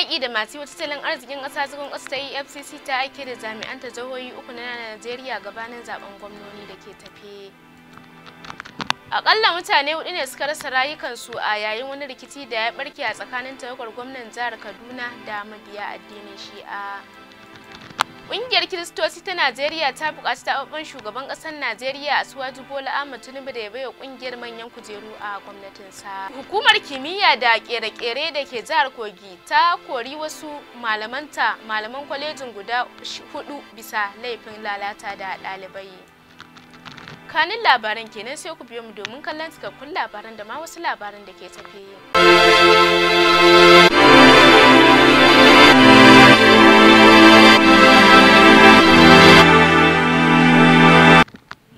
yaƙi da masu wata tattalin arzikin ƙasa cikin ƙasa ta efcc ta aike da jami'an ta jihohi uku na najeriya gabanin zaben gwamnoni da ke tafe akalla mutane hudu ne suka rasa rayukansu a yayin wani rikici da ya barke a tsakanin tawagar gwamnan jihar kaduna da mabiya addinin shi'a Ƙungiyar Kiristoci ta Najeriya ta buƙaci taɓaɓɓen shugaban ƙasar Najeriya a Suwaju Bola Ahmed Tinubu da ya baiwa ƙungiyar manyan kujeru a gwamnatin sa. Hukumar kimiyya da ƙere-ƙere da ke jihar Kogi ta kori wasu malamanta malaman kwalejin guda hudu bisa laifin lalata da ɗalibai. Kanin labaran kenan sai ku biyo mu domin kallon cikakkun labaran da ma wasu labaran da ke tafe.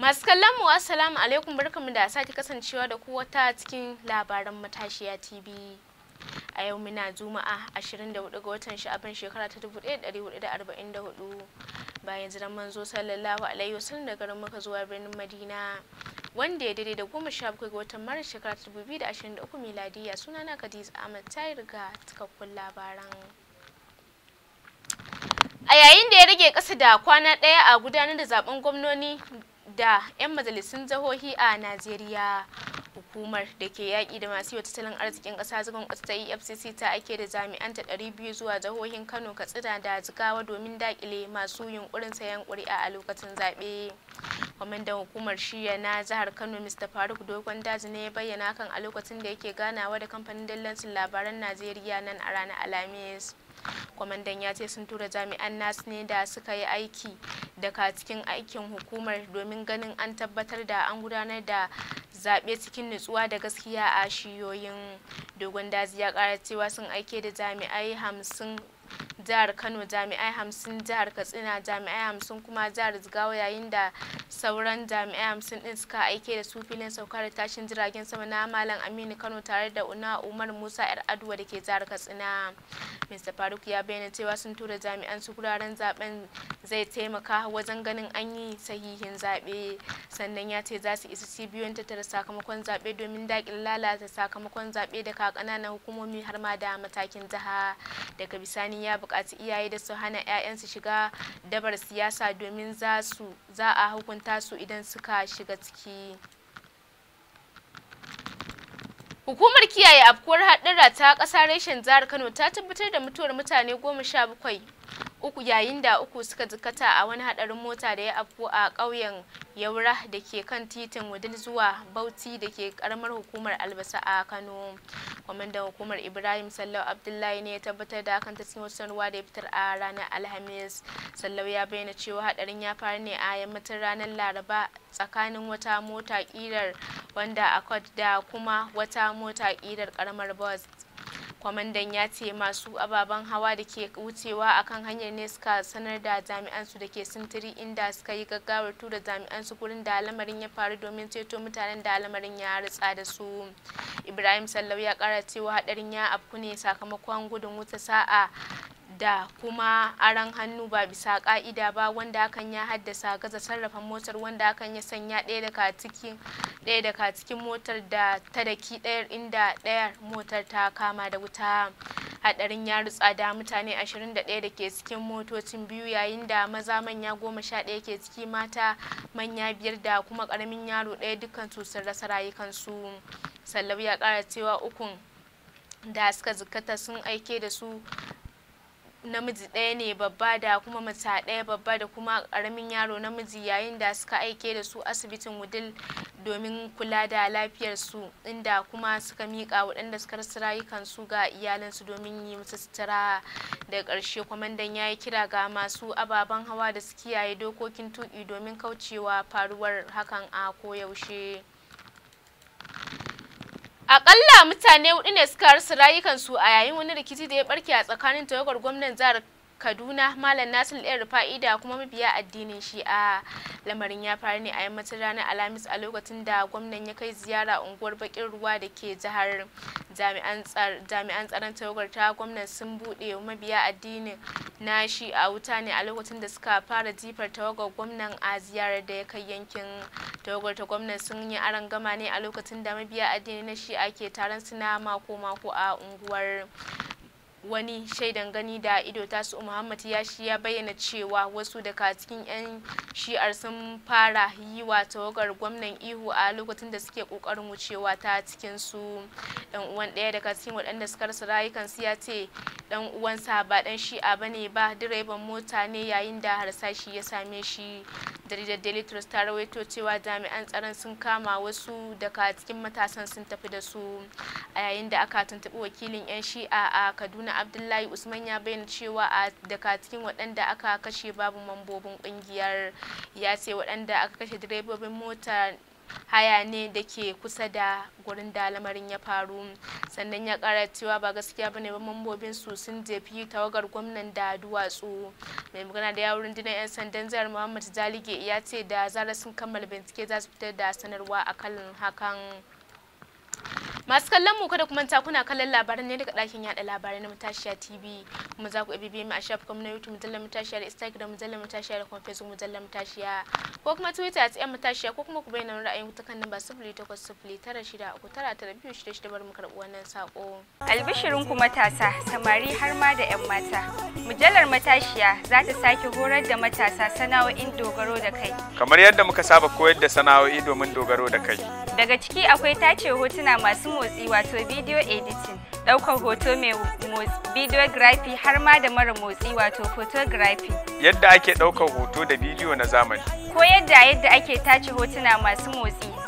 Masu kallon mu assalamu alaikum barkamu da sake kasancewa da ku wata cikin labaran matashiya TV. A yau muna Juma'a 24 ga watan Sha'aban shekara ta 1444 bayan jiran manzo sallallahu alaihi wasallam da garin maka zuwa birnin Madina wanda ya daidai da goma sha bakwai ga watan Maris shekara ta 2023 miladiya sunana Khadija Ahmad ta riga cikakkun labaran. A yayin da ya rage kasa da kwana ɗaya a gudanar da zaben gwamnoni da 'yan majalisun jihohi a najeriya hukumar da ke yaƙi da masu yi tattalin arzikin ƙasa zagon ƙasa ta efcc ta ake da jami'an jami'anta 200 zuwa jihohin kano katsina da jigawa domin daƙile masu yunkurin sayan ƙuri'a a lokacin zaɓe kwamandan hukumar shiya na jihar kano mr faruk dogon daji ne ya bayyana kan a lokacin da yake ganawa da kamfanin dillancin labaran najeriya nan a ranar alhamis kwamandan ya ce sun tura jami'an nasu ne da suka yi aiki daga cikin aikin hukumar domin ganin an tabbatar da an gudanar da zaɓe cikin nutsuwa da gaskiya a shiyoyin dogon daji ya ƙara cewa sun aike da jami'ai hamsin jihar kano jami'ai hamsin jihar katsina jami'ai hamsin kuma jihar zigawa yayin da sauran jami'ai hamsin din suka aike da su filin sauka da tashin jiragen sama na malam aminu kano tare da una umar musa yar aduwa da ke jihar katsina mr faruk ya bayyana cewa sun tura jami'an su guraren zaben zai taimaka wajen ganin an yi sahihin zaɓe sannan ya ce za su isa cibiyoyin tattara sakamakon zaɓe domin daƙin lalata sakamakon zaɓe daga ƙananan hukumomi har ma da matakin jiha daga bisani ya buƙaci buƙaci iyaye da su hana 'ya'yansu shiga dabar siyasa domin za a hukunta su idan suka shiga ciki Hukumar kiyaye afkuwar haɗura ta ƙasa reshen jihar Kano ta tabbatar da mutuwar mutane goma sha bakwai uku yayin da uku suka jikata a wani hadarin mota da ya afu a ƙauyen yaura da ke kan titin wudil zuwa bauti da ke karamar hukumar albasa a kano kwamandan hukumar ibrahim sallau abdullahi ne ya tabbatar da hakan ta cikin wasu sanarwa da ya fitar a ranar alhamis sallau ya bayyana cewa hadarin ya faru ne a yammacin ranar laraba tsakanin wata mota kirar wanda a da kuma wata mota kirar karamar bus kwamandan ya ce masu ababen hawa da ke wucewa akan hanyar ne suka sanar da jami'ansu da ke sintiri inda suka yi gaggawar tura jami'ansu su gurin da lamarin ya faru domin ceto mutanen da lamarin ya ritsa da su ibrahim sallau ya kara cewa hadarin ya afku ne sakamakon gudun wuta sa'a da kuma aran hannu ba bisa ka'ida ba wanda hakan ya haddasa gaza sarrafa motar wanda hakan ya sanya ɗaya daga cikin ɗaya daga cikin motar da ta daki ɗayar inda ɗayar motar ta kama da wuta hadarin ya rutsa da mutane 21 da ke cikin motocin biyu yayin da maza manya goma sha ɗaya ke ciki mata manya biyar da kuma ƙaramin yaro ɗaya dukkan sun rasa rayukansu sallabu ya ƙara cewa ukun da suka zikata sun aike da su namiji ɗaya ne babba da kuma mata ɗaya babba da kuma ƙaramin yaro namiji yayin da suka aike da su asibitin wudil domin kula da lafiyarsu inda kuma suka miƙa waɗanda suka rasa rayukansu ga iyalansu domin yi musu sutura da ƙarshe kwamandan ya yi kira ga masu ababen hawa da su kiyaye dokokin tuƙi domin kaucewa faruwar hakan a koyaushe. Akalla mutane hudu ne suka rasa rayukansu a yayin wani rikici da ya barke a tsakanin tawagar gwamnan jihar kaduna malam nasir ɗan rufa'i da kuma mabiya addinin shi'a lamarin ya faru ne a yammacin ranar alhamis a lokacin da gwamnan ya kai ziyara unguwar bakin ruwa da ke jihar jami'an tsaron tawagar ta gwamnan sun buɗe mabiya addinin na shi'a wuta ne a lokacin da suka fara jifar tawagar gwamnan a ziyarar da ya kai yankin tawagar gwamnan sun yi gama ne a lokacin da mabiya addinin na shi'a ke taron suna mako-mako a unguwar wani shaidan gani da ido tasu muhammad yashi ya bayyana cewa wasu daga cikin 'yan shi'ar sun fara yi wa tawagar gwamnan ihu a lokacin da suke kokarin wucewa ta cikin su dan uwan daya daga cikin waɗanda suka rasa rayukansu ya ce dan uwansa ba dan shi'a bane ba direban mota ne yayin da harsashi ya same shi jaridar daily trust ta rawaito cewa jami'an tsaron sun kama wasu daga cikin matasan sun tafi da su a yayin da aka tuntubi wakilin 'yan shi'a a kaduna abdullahi usman ya bayyana cewa a daga cikin waɗanda aka kashe babu mambobin ƙungiyar ya ce waɗanda aka kashe direbobin mota haya ne da ke kusa da gurin da lamarin ya faru sannan ya kara cewa ba gaskiya bane ba mambobin su sun jefi tawagar gwamnan da duwatsu mai magana da yawon rundunar 'yan sandan jihar muhammad jalige ya ce da zarar sun kammala bincike za su fitar da sanarwa akan hakan masu kallon mu kada kuma kuna kallon labaran ne daga ɗakin yada labarai na matashiya tv kuma za ku iya bibiye mu a shafukan na youtube mujallar matashiya da instagram mujallar matashiya da kuma facebook mujallar matashiya ko kuma twitter at yan matashiya ko kuma ku bayyana ra'ayin ku ta kan namba sifili takwas sifili tara shida uku tara tara biyu shida shida bari mu karɓi wannan saƙo. albishirin ku matasa samari har ma da 'yan mata mujallar matashiya za ta sake horar da matasa sana'o'in dogaro da kai kamar yadda muka saba koyar da sana'o'i domin dogaro da kai Daga ciki akwai tace hotuna masu motsi wato video editing, ɗaukar hoto mai videography har ma da mara motsi wato photography. Yadda ake ɗaukar hoto da bidiyo na zamani. Ko yadda yadda ake tace hotuna masu motsi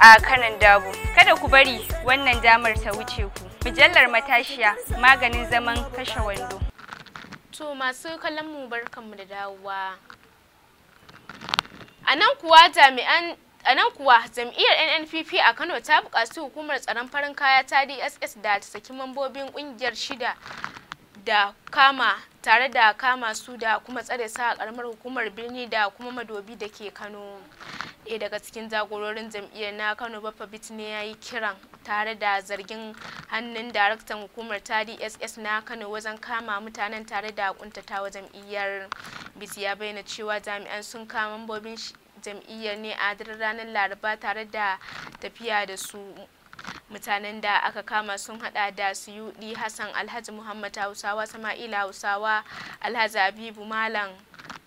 a kanan dabo. Kada ku bari wannan damar ta wuce ku. Mujallar matashiya maganin zaman kashe wando. To masu kallon mu barkanmu da dawowa. A nan kuwa jami'an a kuwa jam'iyyar nnpp a kano ta buƙaci hukumar tsaron farin kaya ta dss da ta saki mambobin ƙungiyar shida da kama tare da kama su da kuma tsare sa a ƙaramar hukumar birni da kuma madobi da ke kano ɗaya daga cikin jagororin jam'iyyar na kano baffa bitne ya yi kiran tare da zargin hannun daraktan hukumar ta dss na kano wajen kama mutanen tare da wa jam'iyyar bisi ya bayyana cewa jami'an sun kama mambobin jam'iyyar ne a ranar laraba tare da tafiya da su mutanen da aka kama sun hada da suyudi hassan alhaji muhammad hausawa sama'ila hausawa alhaji habibu malam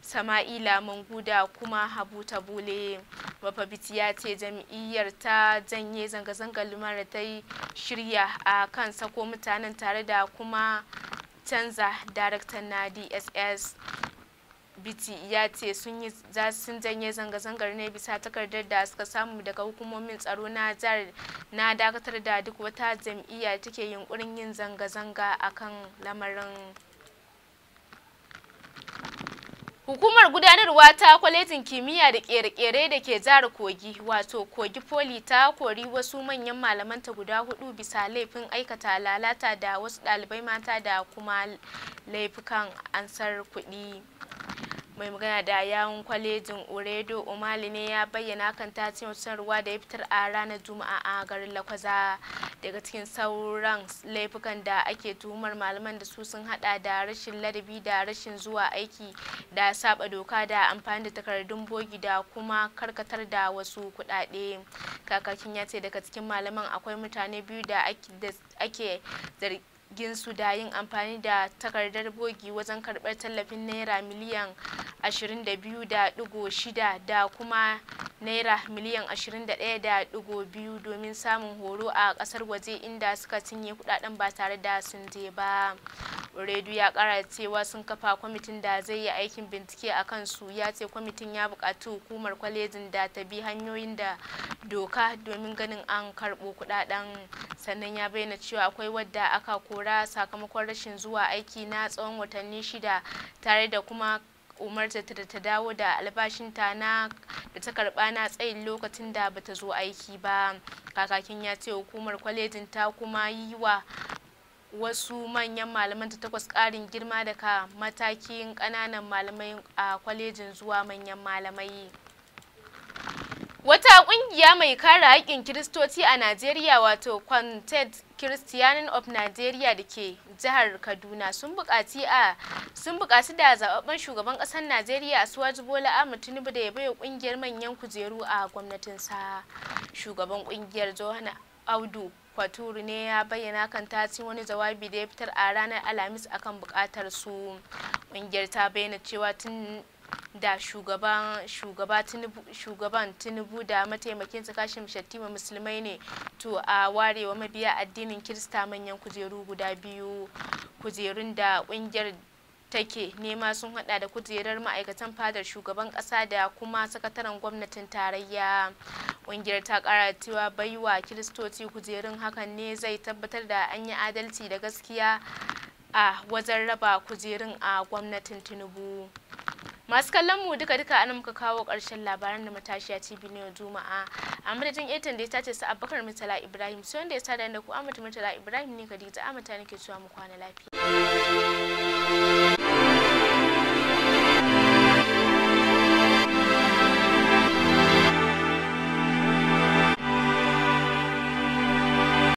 sama'ila manguda kuma habu bule. mafabiti ya ce jam'iyyar ta janye zanga-zangar lumar da ta yi shirya a kan sako mutanen tare da kuma canza daraktan na dss biti ya ce sun janye zanga-zangar ne bisa takardar da suka samu daga hukumomin tsaro na jihar na dakatar da duk wata jam'iyya take yunkurin yin zanga-zanga akan lamarin Hukumar gudanarwa ta kwalejin kimiyya da kere-kere da ke jihar Kogi wato Kogi Poli ta kori wasu manyan malamanta guda hudu bisa laifin aikata lalata da wasu ɗalibai mata da kuma laifukan ansar kuɗi. mai magana da yawun kwalejin uredo umali ne ya bayyana kan tasirin sanarwa da ya fitar a ranar juma'a a garin lakwaza daga cikin sauran laifukan da ake tuhumar malaman da su sun hada da rashin ladabi da rashin zuwa aiki da saba doka da amfani da takardun bogi da kuma karkatar da wasu kudade kakakin ya ce daga cikin malaman akwai mutane biyu da ake zargin su da yin amfani da takardar bogi wajen karbar tallafin naira miliyan 22.6 da kuma naira miliyan 21.2 domin samun horo a kasar waje inda suka cinye kudaden ba tare da sun je ba redu ya kara cewa sun kafa kwamitin da zai yi aikin bincike a kansu ya ce kwamitin ya bukatu hukumar kwalejin da ta bi hanyoyin da doka domin ganin an karbo kudaden sannan ya bayyana cewa akwai wadda aka kora sakamakon rashin zuwa aiki na tsawon watanni shida tare da kuma umarta ta da ta dawo da albashinta na da ta karba na tsayin lokacin da bata zo aiki ba kakakin ya ce hukumar kwalejin ta kuma yi wa wasu manyan malaman ta takwas karin girma daga matakin kananan malamai a kwalejin zuwa manyan malamai wata kungiya mai kare haƙƙin kiristoci a najeriya wato kwantet Kiristiyanin of Nigeria da ke jihar Kaduna sun buƙaci a sun buƙaci da zababben shugaban ƙasar Najeriya a Bola Ahmed Tinubu da ya baiwa ƙungiyar manyan kujeru a gwamnatin sa Shugaban ƙungiyar Johana Audu Kwaturu ne ya bayyana kan tasirin wani jawabi da ya fitar a ranar Alhamis akan bukatar su. Ƙungiyar ta bayyana cewa tun da shugaban shugaba tinubu da mataimakin sa kashim shattima musulmai ne to a warewa mabiya addinin kirista manyan kujeru guda biyu kujerun da kungiyar take nema sun hada da kujerar ma'aikatan fadar shugaban kasa da kuma sakataren gwamnatin tarayya kungiyar ta kara cewa baiwa kiristoci kujerun hakan ne zai tabbatar da an yi adalci da gaskiya a wajen raba kujerun a gwamnatin tinubu masu kallon mu duka duka an muka kawo ƙarshen labaran da matashiya tv ne juma'a a madadin etan da ya tace su abubakar murtala ibrahim su wanda ya sada da ku amata murtala ibrahim ne kadita amata nake cewa mu kwana lafiya